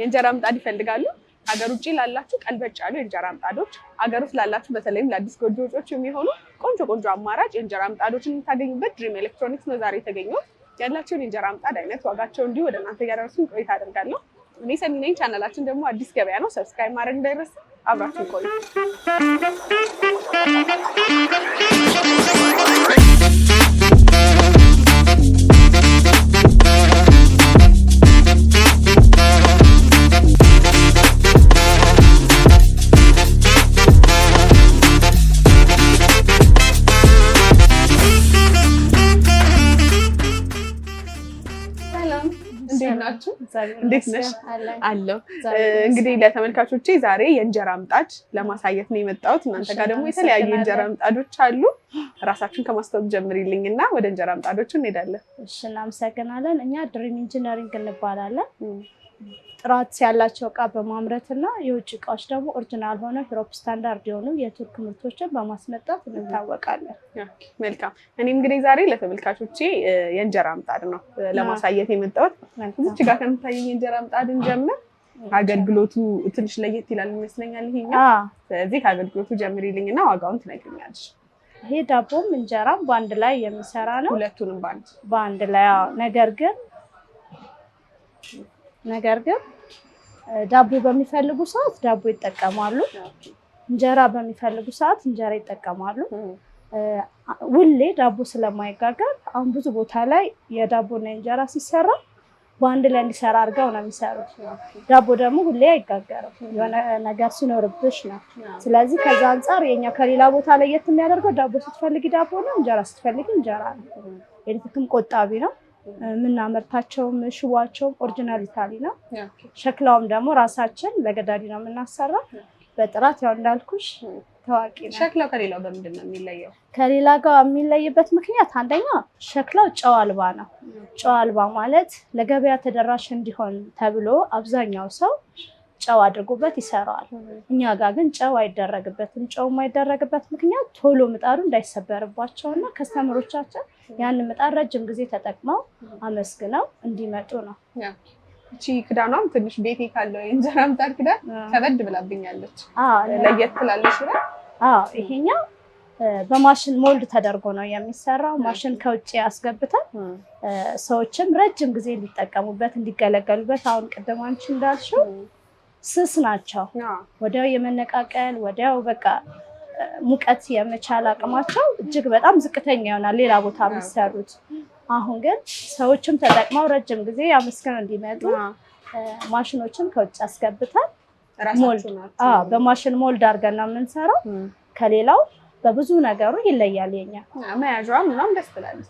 የእንጀራ ምጣድ ይፈልጋሉ? ሀገር ውጭ ላላችሁ ቀልበጭ ያሉ የእንጀራ ምጣዶች፣ ሀገር ውስጥ ላላችሁ በተለይም ለአዲስ ጎጆ ወጪዎች የሚሆኑ ቆንጆ ቆንጆ አማራጭ የእንጀራ ምጣዶችን የምታገኙበት ድሪም ኤሌክትሮኒክስ ነው ዛሬ የተገኘሁት። ያላቸውን የእንጀራ ምጣድ አይነት፣ ዋጋቸው እንዲሁ ወደ እናንተ እያደረሱን ቆይታ አደርጋለሁ። እኔ ሰኒ ነኝ። ቻናላችን ደግሞ አዲስ ገበያ ነው። ሰብስክራይብ ማድረግ እንዳይረሳ። አብራችን ቆዩ። እንዴት ነሽ? አለው እንግዲህ ለተመልካቾቼ ዛሬ የእንጀራ ምጣድ ለማሳየት ነው የመጣሁት። እናንተ ጋር ደግሞ የተለያዩ የእንጀራ ምጣዶች አሉ። ራሳችን ከማስታወቅ ጀምሪልኝ እና ወደ እንጀራ ምጣዶች እንሄዳለን። እሺ፣ እናመሰግናለን። እኛ ድሪም ኢንጂነሪንግ እንባላለን። ጥራት ያላቸው እቃ በማምረት እና የውጭ እቃዎች ደግሞ ኦሪጂናል ሆነ ዩሮፕ ስታንዳርድ የሆኑ የቱርክ ምርቶችን በማስመጣት እንታወቃለን። መልካም። እኔም እንግዲህ ዛሬ ለተመልካቾቼ የእንጀራ ምጣድ ነው ለማሳየት የመጣሁት። እዚች ጋር ታየኝ እንጀራ ምጣድ እንጀምር። አገልግሎቱ ትንሽ ለየት ይላል ይመስለኛል ይሄኛው። ስለዚህ ከአገልግሎቱ ጀምሪልኝ እና ዋጋውን ትነግሪኛለሽ። ይሄ ዳቦም እንጀራም በአንድ ላይ የሚሰራ ነው። ሁለቱንም በአንድ በአንድ ላይ ነገር ግን ነገር ግን ዳቦ በሚፈልጉ ሰዓት ዳቦ ይጠቀማሉ። እንጀራ በሚፈልጉ ሰዓት እንጀራ ይጠቀማሉ። ውሌ ዳቦ ስለማይጋገር አሁን ብዙ ቦታ ላይ የዳቦና እንጀራ ሲሰራ በአንድ ላይ እንዲሰራ አድርገው ነው የሚሰሩት። ዳቦ ደግሞ ሁሌ አይጋገርም፣ የሆነ ነገር ሲኖርብሽ ነው። ስለዚህ ከዛ አንጻር የኛ ከሌላ ቦታ ለየት የሚያደርገው ዳቦ ስትፈልጊ ዳቦ ነው፣ እንጀራ ስትፈልጊ እንጀራ ነው። ኤሌክትሪክም ቆጣቢ ነው። የምናመርታቸውም ሽቧቸውም ኦሪጂናል ኢታሊ ነው። ሸክላውም ደግሞ ራሳችን ለገዳዲ ነው የምናሰራ በጥራት ያው እንዳልኩሽ ታዋቂ ነው። ሸክላው ከሌላው በምንድን ነው የሚለየው? ከሌላ ጋር የሚለይበት ምክንያት አንደኛ ሸክላው ጨው አልባ ነው። ጨው አልባ ማለት ለገበያ ተደራሽ እንዲሆን ተብሎ አብዛኛው ሰው ጨው አድርጎበት ይሰራዋል። እኛ ጋር ግን ጨው አይደረግበትም። ጨው የማይደረግበት ምክንያት ቶሎ ምጣዱ እንዳይሰበርባቸው እና ከስተምሮቻችን ያንን ምጣድ ረጅም ጊዜ ተጠቅመው አመስግነው እንዲመጡ ነው። እቺ ክዳኗም ትንሽ ቤቴ ካለው የእንጀራ ምጣድ ክዳን ከበድ ብላብኛለች፣ ለየት ትላለች ብላ ይሄኛው በማሽን ሞልድ ተደርጎ ነው የሚሰራው። ማሽን ከውጭ አስገብተን ሰዎችም ረጅም ጊዜ እንዲጠቀሙበት እንዲገለገሉበት። አሁን ቅድም አንቺ እንዳልሽው ስስ ናቸው። ወዲያው የመነቃቀል ወዲያው በቃ ሙቀት የመቻል አቅማቸው እጅግ በጣም ዝቅተኛ ይሆናል ሌላ ቦታ የሚሰሩት አሁን ግን ሰዎችም ተጠቅመው ረጅም ጊዜ አመስግነው እንዲመጡ ማሽኖችን ከውጭ አስገብተን በማሽን ሞልድ አድርገን ነው የምንሰራው። ከሌላው በብዙ ነገሩ ይለያል። የኛ መያዣዋ ምናም ደስ ትላለች።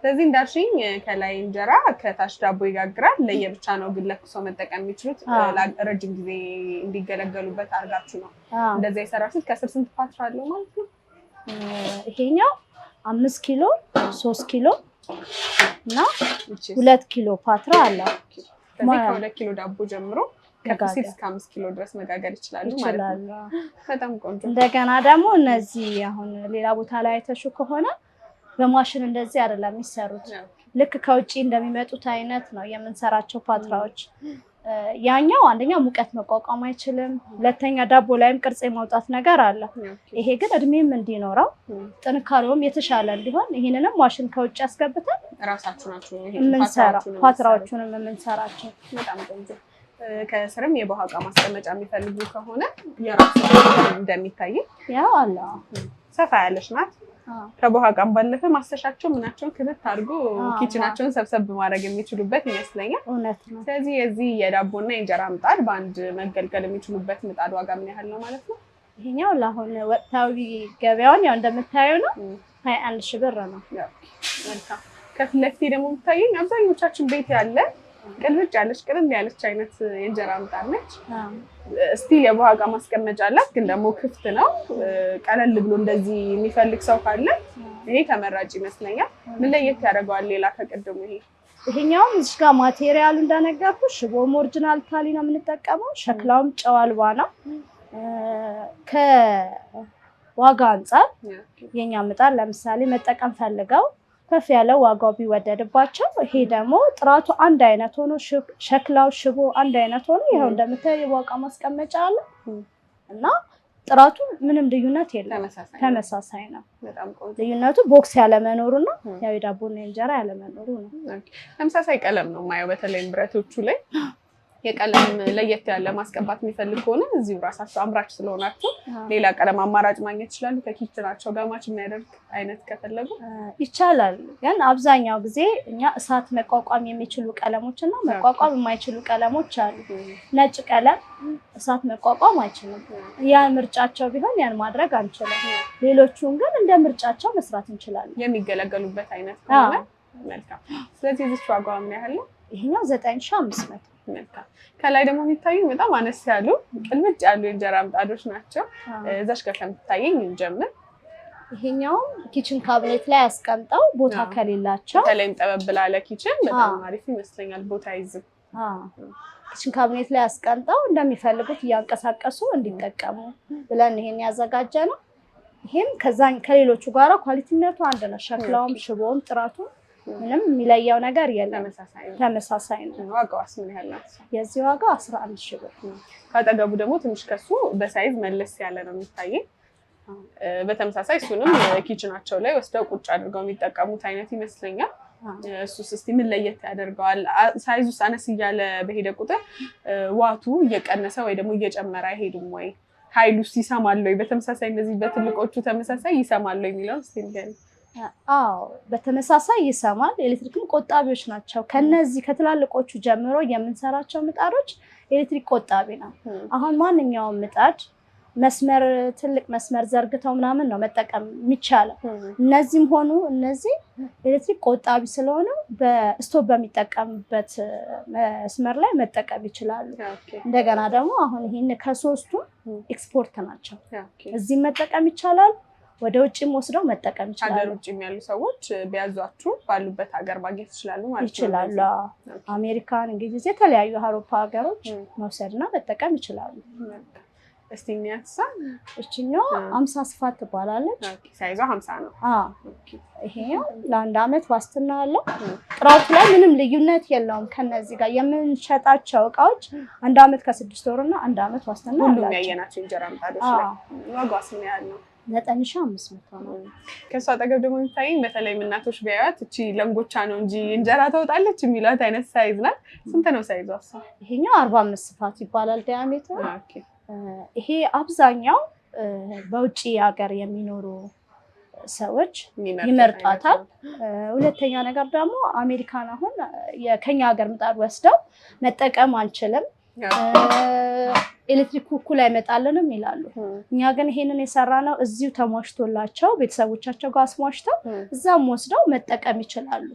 ስለዚህ እንዳልሽኝ ከላይ እንጀራ ከታች ዳቦ ይጋግራል። ለየብቻ ነው ግን ለኩሶ መጠቀም የሚችሉት ረጅም ጊዜ እንዲገለገሉበት አድርጋችሁ ነው እንደዚያ የሰራችሁት። ከስር ስንት ፓትራ አለው ማለት ነው ይሄኛው? አምስት ኪሎ ሶስት ኪሎ እና ሁለት ኪሎ ፓትራ አለ። ከሁለት ኪሎ ዳቦ ጀምሮ ከሲል እስከ አምስት ኪሎ ድረስ መጋገር ይችላሉ ማለት ነው። በጣም ቆንጆ። እንደገና ደግሞ እነዚህ አሁን ሌላ ቦታ ላይ አይተሹ ከሆነ በማሽን እንደዚህ አይደለም የሚሰሩት። ልክ ከውጭ እንደሚመጡት አይነት ነው የምንሰራቸው ፓትራዎች። ያኛው አንደኛ ሙቀት መቋቋም አይችልም፣ ሁለተኛ ዳቦ ላይም ቅርጽ የማውጣት ነገር አለ። ይሄ ግን እድሜም እንዲኖረው ጥንካሬውም የተሻለ እንዲሆን ይህንንም ዋሽን ከውጭ ያስገብታል የምንሰራ ፓትራዎቹንም የምንሰራቸው ከስርም የበውሃ እቃ ማስቀመጫ የሚፈልጉ ከሆነ የራሱ እንደሚታይ ያው አለ ሰፋ ያለች ናት። ከቦሃ ቃም ባለፈ ማሰሻቸው ምናቸውን ክትት አድርጎ ኪችናቸውን ሰብሰብ ማድረግ የሚችሉበት ይመስለኛል። እውነት ነው። ስለዚህ የዚህ የዳቦና የእንጀራ ምጣድ በአንድ መገልገል የሚችሉበት ምጣድ ዋጋ ምን ያህል ነው ማለት ነው? ይሄኛው ለአሁን ወቅታዊ ገበያውን ያው እንደምታየው ነው፣ ሀያ አንድ ብር ነው። ከፊት ለፊቴ ደግሞ የምታየኝ አብዛኞቻችን ቤት ያለ ቅልብጭ ያለች ቅልል ያለች አይነት የእንጀራ ምጣድ ነች። ስቲል የውሃ እቃ ማስቀመጫ አላት፣ ግን ደግሞ ክፍት ነው። ቀለል ብሎ እንደዚህ የሚፈልግ ሰው ካለ ይሄ ተመራጭ ይመስለኛል። ምን ለየት ያደርገዋል ሌላ ከቅድሙ? ይሄ ይሄኛውም እዚህ ጋር ማቴሪያሉ እንደነገርኩ ሽቦም ኦሪጂናል ታሊ ነው የምንጠቀመው። ሸክላውም ጨው አልባ ነው። ከዋጋ አንጻር የኛ ምጣድ ለምሳሌ መጠቀም ፈልገው ከፍ ያለ ዋጋው ቢወደድባቸው ይሄ ደግሞ ጥራቱ አንድ አይነት ሆኖ ሸክላው፣ ሽቦ አንድ አይነት ሆኖ ይኸው እንደምታየው የዋጋ ማስቀመጫ አለ እና ጥራቱ ምንም ልዩነት የለም፣ ተመሳሳይ ነው። ልዩነቱ ቦክስ ያለመኖሩ እና ያው የዳቦና የእንጀራ ያለመኖሩ ነው። ተመሳሳይ ቀለም ነው የማየው በተለይም ብረቶቹ ላይ የቀለም ለየት ያለ ማስቀባት የሚፈልግ ከሆነ እዚሁ ራሳቸው አምራች ስለሆናቸው ሌላ ቀለም አማራጭ ማግኘት ይችላሉ። ከኪችናቸው ጋር ማች የሚያደርግ አይነት ከፈለጉ ይቻላል። ግን አብዛኛው ጊዜ እኛ እሳት መቋቋም የሚችሉ ቀለሞች እና መቋቋም የማይችሉ ቀለሞች አሉ። ነጭ ቀለም እሳት መቋቋም አይችልም። ያ ምርጫቸው ቢሆን ያን ማድረግ አንችልም። ሌሎቹን ግን እንደ ምርጫቸው መስራት እንችላለን። የሚገለገሉበት አይነት ከሆነ መልካም። ስለዚህ እዚች ዋጋዋ ምን ያህል ነው? ይሄኛው ዘጠኝ ሺህ አምስት መቶ መልካም። ከላይ ደግሞ የሚታዩ በጣም አነስ ያሉ ቅልምጭ ያሉ የእንጀራ ምጣዶች ናቸው። እዛሽ ጋር ከምትታየኝ እንጀምር። ይሄኛውም ኪችን ካብኔት ላይ ያስቀምጠው ቦታ ከሌላቸው በተለይም ጠበብ ኪችን በጣም አሪፍ ይመስለኛል። ቦታ ይዝም ኪችን ካብኔት ላይ ያስቀምጠው እንደሚፈልጉት እያንቀሳቀሱ እንዲጠቀሙ ብለን ይሄን ያዘጋጀ ነው። ይሄም ከሌሎቹ ጋራ ኳሊቲነቱ አንድ ነው። ሸክላውም፣ ሽቦም ጥራቱም ምንም የሚለየው ነገር የለም። ተመሳሳይ ነው። ዋጋዋስ ምን ያህል ናት? የዚህ ዋጋ አስራ አንድ ሺህ ብር። ካጠገቡ ደግሞ ትንሽ ከሱ በሳይዝ መለስ ያለ ነው የሚታየኝ። በተመሳሳይ እሱንም ኪችናቸው ላይ ወስደው ቁጭ አድርገው የሚጠቀሙት አይነት ይመስለኛል። እሱስ እስኪ ምን ለየት ያደርገዋል? ሳይዝ ውስጥ አነስ እያለ በሄደ ቁጥር ዋቱ እየቀነሰ ወይ ደግሞ እየጨመረ አይሄዱም ወይ? ውስጥ ይሰማል ወይ? በተመሳሳይ እነዚህ በትልቆቹ ተመሳሳይ ይሰማል ወይ የሚለውን እስኪ ንገሪኝ። አዎ በተመሳሳይ ይሰማል። ኤሌክትሪክም ቆጣቢዎች ናቸው። ከነዚህ ከትላልቆቹ ጀምሮ የምንሰራቸው ምጣዶች ኤሌክትሪክ ቆጣቢ ነው። አሁን ማንኛውም ምጣድ መስመር ትልቅ መስመር ዘርግተው ምናምን ነው መጠቀም የሚቻለው። እነዚህም ሆኑ እነዚህ ኤሌክትሪክ ቆጣቢ ስለሆነ በስቶቭ በሚጠቀምበት መስመር ላይ መጠቀም ይችላሉ። እንደገና ደግሞ አሁን ይህን ከሶስቱ ኤክስፖርት ናቸው። እዚህም መጠቀም ይቻላል ወደ ውጭም ወስደው መጠቀም ይችላሉ። ሀገር ውጭ ያሉ ሰዎች ቢያዟችሁ ባሉበት ሀገር ማግኘት ይችላሉ ማለት ይችላሉ። አሜሪካን፣ እንግሊዝ፣ የተለያዩ አውሮፓ ሀገሮች መውሰድና መጠቀም ይችላሉ። እስቲ የሚያሳ እችኛው አምሳ ስፋት ትባላለች። ሳይዟ ሀምሳ ነው። ይሄው ለአንድ አመት ዋስትና አለው። ጥራቱ ላይ ምንም ልዩነት የለውም ከነዚህ ጋር የምንሸጣቸው እቃዎች አንድ አመት ከስድስት ወርና አንድ አመት ዋስትና ሁሉም ያየናቸው እንጀራ ምጣዶች ላይ ዋጋው ስንት ያህል ነው? ዘጠኝ ሺህ አምስት መቶ ነው። ከእሱ አጠገብ ደግሞ የሚታየኝ በተለይም እናቶች ቢያዩት እቺ ለንጎቻ ነው እንጂ እንጀራ ተውጣለች የሚሏት አይነት ሳይዝ ናት። ስንት ነው ሳይዟ? ይሄኛው አርባ አምስት ስፋት ይባላል ዲያሜትር። ይሄ አብዛኛው በውጭ ሀገር የሚኖሩ ሰዎች ይመርጧታል። ሁለተኛ ነገር ደግሞ አሜሪካን አሁን ከኛ ሀገር ምጣድ ወስደው መጠቀም አልችልም? ኤሌክትሪክ ኩኩል አይመጣልንም ይላሉ። እኛ ግን ይሄንን የሰራ ነው እዚሁ ተሟሽቶላቸው ቤተሰቦቻቸው ጋር አስሟሽተው እዛም ወስደው መጠቀም ይችላሉ።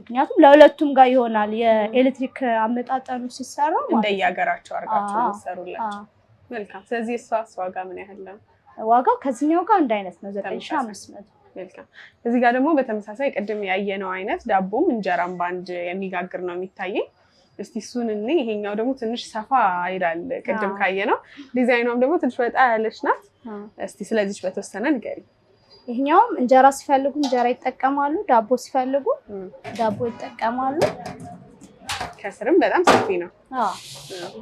ምክንያቱም ለሁለቱም ጋር ይሆናል። የኤሌክትሪክ አመጣጠኑ ሲሰራ እንደየሀገራቸው አርጋቸው ይሰሩላቸው። መልካም። ስለዚህ እሷስ ዋጋ ምን ያህል ነው? ዋጋው ከዚህኛው ጋር አንድ አይነት ነው፣ ዘጠኝ ሺህ አምስት መቶ መልካም እዚህ ጋር ደግሞ በተመሳሳይ ቅድም ያየነው አይነት ዳቦም እንጀራም በአንድ የሚጋግር ነው የሚታየኝ እስቲ እሱን እኔ ይሄኛው ደግሞ ትንሽ ሰፋ ይላል ቅድም ካየ ነው። ዲዛይኗም ደግሞ ትንሽ ወጣ ያለች ናት። እስቲ ስለዚች በተወሰነ ንገሪ። ይሄኛውም እንጀራ ሲፈልጉ እንጀራ ይጠቀማሉ፣ ዳቦ ሲፈልጉ ዳቦ ይጠቀማሉ። ከስርም በጣም ሰፊ ነው።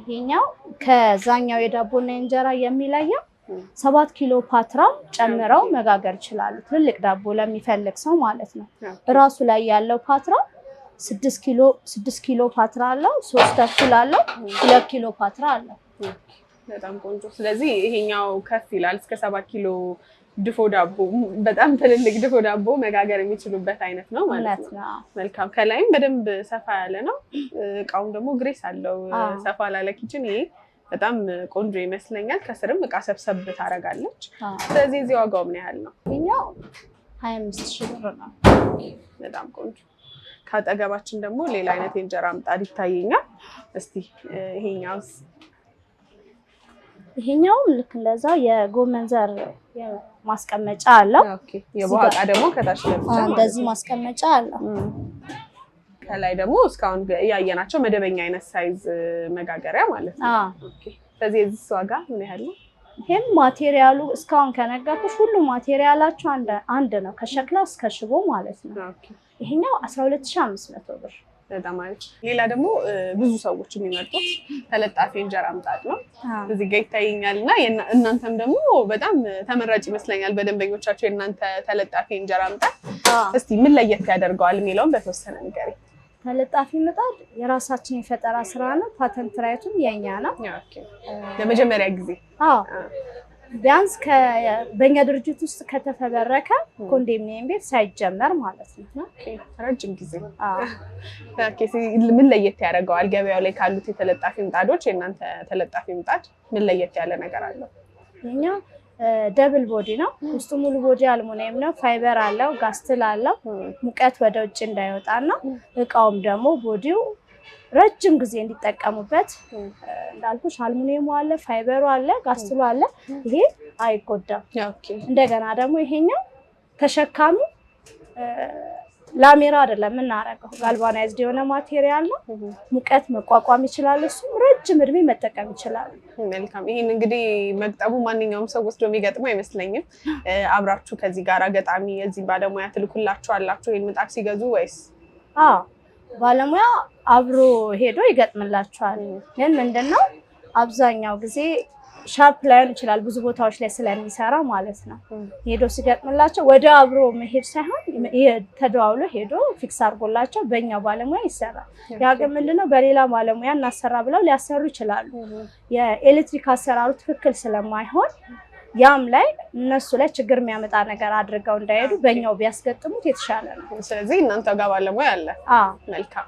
ይሄኛው ከዛኛው የዳቦና የእንጀራ የሚለየው ሰባት ኪሎ ፓትራ ጨምረው መጋገር ይችላሉ። ትልቅ ዳቦ ለሚፈልግ ሰው ማለት ነው። እራሱ ላይ ያለው ፓትራ ስድስት ኪሎ ስድስት ኪሎ ፓትራ አለው። ሶስት ተኩል አለው። ሁለት ኪሎ ፓትራ አለው። በጣም ቆንጆ። ስለዚህ ይሄኛው ከፍ ይላል እስከ ሰባት ኪሎ ድፎ ዳቦ በጣም ትልልቅ ድፎ ዳቦ መጋገር የሚችሉበት አይነት ነው ማለት ነው። መልካም። ከላይም በደንብ ሰፋ ያለ ነው። እቃውም ደግሞ ግሬስ አለው ሰፋ ላለ ኪችን። ይሄ በጣም ቆንጆ ይመስለኛል። ከስርም እቃ ሰብሰብ ታደርጋለች። ስለዚህ እዚህ ዋጋው ምን ያህል ነው? ይኸኛው ሀያ አምስት ሺህ ብር ነው። በጣም ቆንጆ ከአጠገባችን ደግሞ ሌላ አይነት የእንጀራ ምጣድ ይታየኛል። እስቲ ይሄኛውስ? ይሄኛውም ልክ እንደዛ የጎመን ዘር ማስቀመጫ አለው። እቃ ደግሞ ከታች እንደዚህ ማስቀመጫ አለው። ከላይ ደግሞ እስካሁን ያየናቸው መደበኛ አይነት ሳይዝ መጋገሪያ ማለት ነው። ስለዚህ የዚህ ዋጋ ምን ያህል ነው? ይህም ማቴሪያሉ እስካሁን ከነገርኩሽ ሁሉ ማቴሪያላቸው አንድ ነው፣ ከሸክላ እስከ ሽቦ ማለት ነው። ይሄኛው 12500 ብር በጣም አሪፍ። ሌላ ደግሞ ብዙ ሰዎች የሚመርጡት ተለጣፊ እንጀራ ምጣድ ነው። እዚህ ጋ ይታየኛል እና እናንተም ደግሞ በጣም ተመራጭ ይመስለኛል በደንበኞቻቸው የእናንተ ተለጣፊ እንጀራ ምጣድ። እስቲ ምን ለየት ያደርገዋል የሚለውን በተወሰነ ንገሪ። ተለጣፊ ምጣድ የራሳችን የፈጠራ ስራ ነው። ፓተንት ራይቱም የኛ ነው። ለመጀመሪያ ጊዜ ቢያንስ በእኛ ድርጅት ውስጥ ከተፈበረከ ኮንዶሚኒየም ቤት ሳይጀመር ማለት ነው። ረጅም ጊዜ ምን ለየት ያደርገዋል? ገበያው ላይ ካሉት የተለጣፊ ምጣዶች የእናንተ ተለጣፊ ምጣድ ምን ለየት ያለ ነገር አለው? ደብል ቦዲ ነው። ውስጡ ሙሉ ቦዲ አልሙኒየም ነው። ፋይበር አለው፣ ጋስትል አለው። ሙቀት ወደ ውጭ እንዳይወጣ ነው። እቃውም ደግሞ ቦዲው ረጅም ጊዜ እንዲጠቀሙበት እንዳልኩሽ አልሙኒየሙ አለ፣ ፋይበሩ አለ፣ ጋስትሉ አለ። ይሄ አይጎዳም። እንደገና ደግሞ ይሄኛው ተሸካሚ ላሜራ አይደለም የምናረገው፣ ጋልቫናይዝድ የሆነ ማቴሪያል ነው። ሙቀት መቋቋም ይችላል። እሱ ረጅም እድሜ መጠቀም ይችላል። መልካም። ይህን እንግዲህ መግጠሙ ማንኛውም ሰው ወስዶ የሚገጥመው አይመስለኝም። አብራችሁ ከዚህ ጋር ገጣሚ የዚህ ባለሙያ ትልኩላችሁ አላችሁ ይህን ምጣድ ሲገዙ ወይስ? ባለሙያ አብሮ ሄዶ ይገጥምላችኋል። ግን ምንድን ነው አብዛኛው ጊዜ ሻርፕ ላይሆን ይችላል ብዙ ቦታዎች ላይ ስለሚሰራ ማለት ነው። ሄዶ ሲገጥምላቸው ወደ አብሮ መሄድ ሳይሆን ተደዋውሎ ሄዶ ፊክስ አድርጎላቸው በእኛው ባለሙያ ይሰራል። ያ ግን ምንድነው በሌላ ባለሙያ እናሰራ ብለው ሊያሰሩ ይችላሉ። የኤሌክትሪክ አሰራሩ ትክክል ስለማይሆን ያም ላይ እነሱ ላይ ችግር የሚያመጣ ነገር አድርገው እንዳይሄዱ በእኛው ቢያስገጥሙት የተሻለ ነው። ስለዚህ እናንተ ጋር ባለሙያ አለ። መልካም።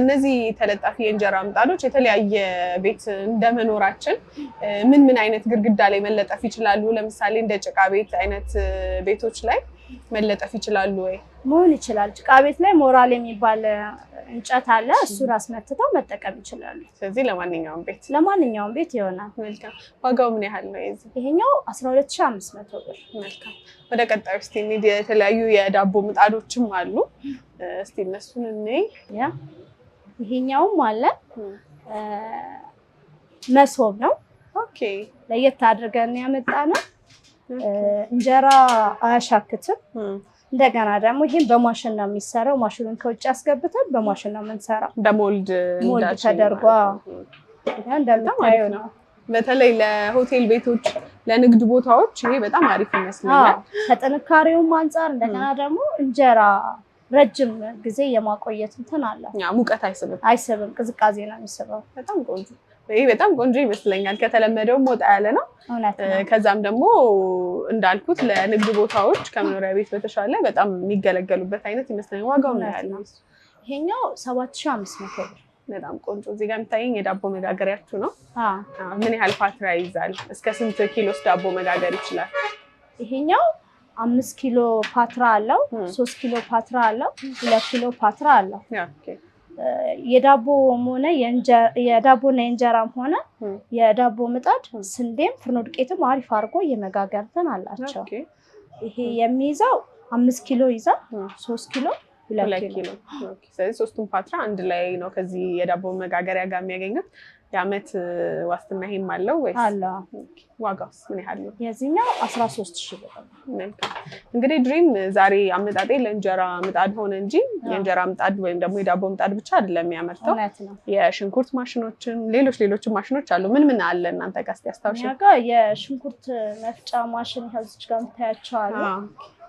እነዚህ ተለጣፊ የእንጀራ ምጣዶች የተለያየ ቤት እንደመኖራችን ምን ምን አይነት ግድግዳ ላይ መለጠፍ ይችላሉ? ለምሳሌ እንደ ጭቃ ቤት አይነት ቤቶች ላይ መለጠፍ ይችላሉ ወይ? መሆን ይችላል። ጭቃ ቤት ላይ ሞራል የሚባል እንጨት አለ። እሱ ራስ መትተው መጠቀም ይችላሉ። ስለዚህ ለማንኛውም ቤት ለማንኛውም ቤት ይሆናል። መልካም። ዋጋው ምን ያህል ነው? የዚህ ይሄኛው 12500 ብር። መልካም። ወደ ቀጣዩ እስቲ እንሂድ። የተለያዩ የዳቦ ምጣዶችም አሉ። እስቲ እነሱን እኔ ይሄኛውም አለ። መሶብ ነው። ኦኬ። ለየት አድርገን ያመጣ ነው እንጀራ አያሻክትም። እንደገና ደግሞ ይህም በማሽን ነው የሚሰራው። ማሽኑን ከውጭ አስገብተን በማሽን ነው የምንሰራው። በሞልድ ሞልድ ተደርጓ እንደምታየው ነው። በተለይ ለሆቴል ቤቶች፣ ለንግድ ቦታዎች ይሄ በጣም አሪፍ ይመስለኛል። ከጥንካሬውም አንጻር እንደገና ደግሞ እንጀራ ረጅም ጊዜ የማቆየት እንትን አለ። ሙቀት አይስብም አይስብም፣ ቅዝቃዜ ነው የሚስበው። በጣም ቆንጆ ይሄ በጣም ቆንጆ ይመስለኛል። ከተለመደውም ወጣ ያለ ነው። ከዛም ደግሞ እንዳልኩት ለንግድ ቦታዎች ከመኖሪያ ቤት በተሻለ በጣም የሚገለገሉበት አይነት ይመስለኛል። ዋጋው ነው ያለው ይሄኛው ሰባት ሺህ አምስት መቶ ብር። በጣም ቆንጆ። እዚህ ጋር የሚታየኝ የዳቦ መጋገሪያችሁ ነው። ምን ያህል ፓትራ ይይዛል? እስከ ስንት ኪሎስ ዳቦ መጋገር ይችላል? ይሄኛው አምስት ኪሎ ፓትራ አለው፣ ሶስት ኪሎ ፓትራ አለው፣ ሁለት ኪሎ ፓትራ አለው። የዳቦም ሆነ የዳቦና የእንጀራም ሆነ የዳቦ ምጣድ ስንዴም ፍርኖ ዱቄትም አሪፍ አድርጎ የመጋገርትን አላቸው። ይሄ የሚይዘው አምስት ኪሎ ይዛል፣ ሶስት ኪሎ ሁለት ኪሎ። ስለዚህ ሶስቱም ፓትራ አንድ ላይ ነው ከዚህ የዳቦ መጋገሪያ ጋር የሚያገኙት። የአመት ዋስትና ይሄም አለው ወይስ አለው? ዋጋውስ ምን ያህል ነው? የዚህኛው አስራ ሶስት ሺህ ብር። መልካም እንግዲህ ድሪም ዛሬ አመጣጤ ለእንጀራ ምጣድ ሆነ እንጂ የእንጀራ ምጣድ ወይም ደግሞ የዳቦ ምጣድ ብቻ አይደለም ያመርተው። የሽንኩርት ማሽኖችን፣ ሌሎች ሌሎችም ማሽኖች አሉ። ምን ምን አለ እናንተ ጋር እስኪ ያስታውሽ? የሽንኩርት መፍጫ ማሽን ከዚች ጋር የምታያቸው አሉ።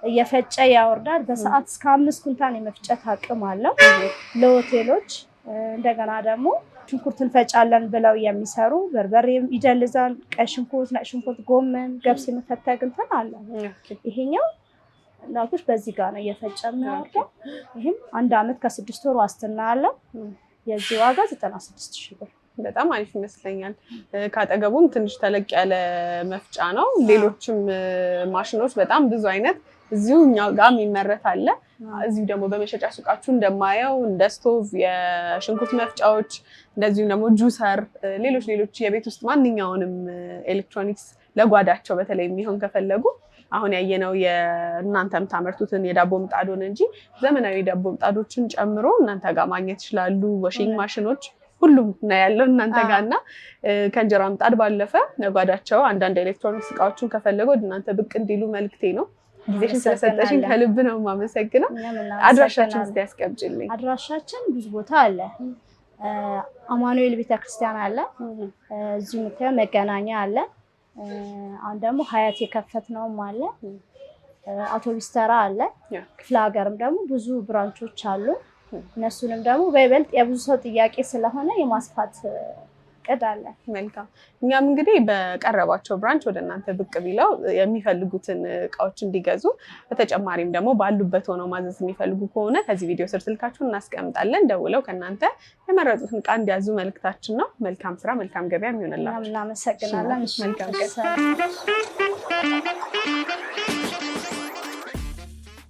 እየፈጨ ያወርዳል። በሰዓት እስከ አምስት ኩንታል የመፍጨት አቅም አለው ለሆቴሎች እንደገና ደግሞ ሽንኩርት እንፈጫለን ብለው የሚሰሩ በርበሬ ይደልዛል። ቀይ ሽንኩርት፣ ነጭ ሽንኩርት፣ ጎመን፣ ገብስ የምፈተግ እንትን አለ። ይሄኛው እናቶች በዚህ ጋር ነው እየፈጨ የሚያወርደው። ይህም አንድ አመት ከስድስት ወር ዋስትና አለው። የዚህ ዋጋ ዘጠና ስድስት ሺ ብር በጣም አሪፍ ይመስለኛል። ከአጠገቡም ትንሽ ተለቅ ያለ መፍጫ ነው። ሌሎችም ማሽኖች በጣም ብዙ አይነት እዚሁ እኛ ጋር የሚመረት አለ። እዚሁ ደግሞ በመሸጫ ሱቃችሁ እንደማየው እንደ ስቶቭ፣ የሽንኩርት መፍጫዎች፣ እንደዚሁም ደግሞ ጁሰር፣ ሌሎች ሌሎች የቤት ውስጥ ማንኛውንም ኤሌክትሮኒክስ ለጓዳቸው በተለይ የሚሆን ከፈለጉ አሁን ያየነው የእናንተ ታመርቱትን የዳቦ ምጣዶን እንጂ ዘመናዊ ዳቦ ምጣዶችን ጨምሮ እናንተ ጋር ማግኘት ይችላሉ። ወሽንግ ማሽኖች ሁሉም ነው ያለው እናንተ ጋር እና ከእንጀራ ምጣድ ባለፈ ለጓዳቸው አንዳንድ ኤሌክትሮኒክስ እቃዎችን ወደ እናንተ ብቅ እንዲሉ መልክቴ ነው። ጊዜሽን ስለሰጠሽን ከልብ ነው የማመሰግነው። አድራሻችን እዚህ ያስቀምጪልኝ። አድራሻችን ብዙ ቦታ አለ። አማኑኤል ቤተክርስቲያን አለ፣ እዚሁ የምታየው መገናኛ አለ። አሁን ደግሞ ሀያት የከፈትነውም አለ፣ አውቶቢስ ተራ አለ። ክፍለ ሀገርም ደግሞ ብዙ ብራንቾች አሉ። እነሱንም ደግሞ በይበልጥ የብዙ ሰው ጥያቄ ስለሆነ የማስፋት እቅድ አለ። መልካም። እኛም እንግዲህ በቀረባቸው ብራንች ወደ እናንተ ብቅ ቢለው የሚፈልጉትን እቃዎች እንዲገዙ በተጨማሪም ደግሞ ባሉበት ሆነው ማዘዝ የሚፈልጉ ከሆነ ከዚህ ቪዲዮ ስር ስልካችሁን እናስቀምጣለን። ደውለው ከእናንተ የመረጡትን እቃ እንዲያዙ መልክታችን ነው። መልካም ስራ፣ መልካም ገበያ እናመሰግናለን።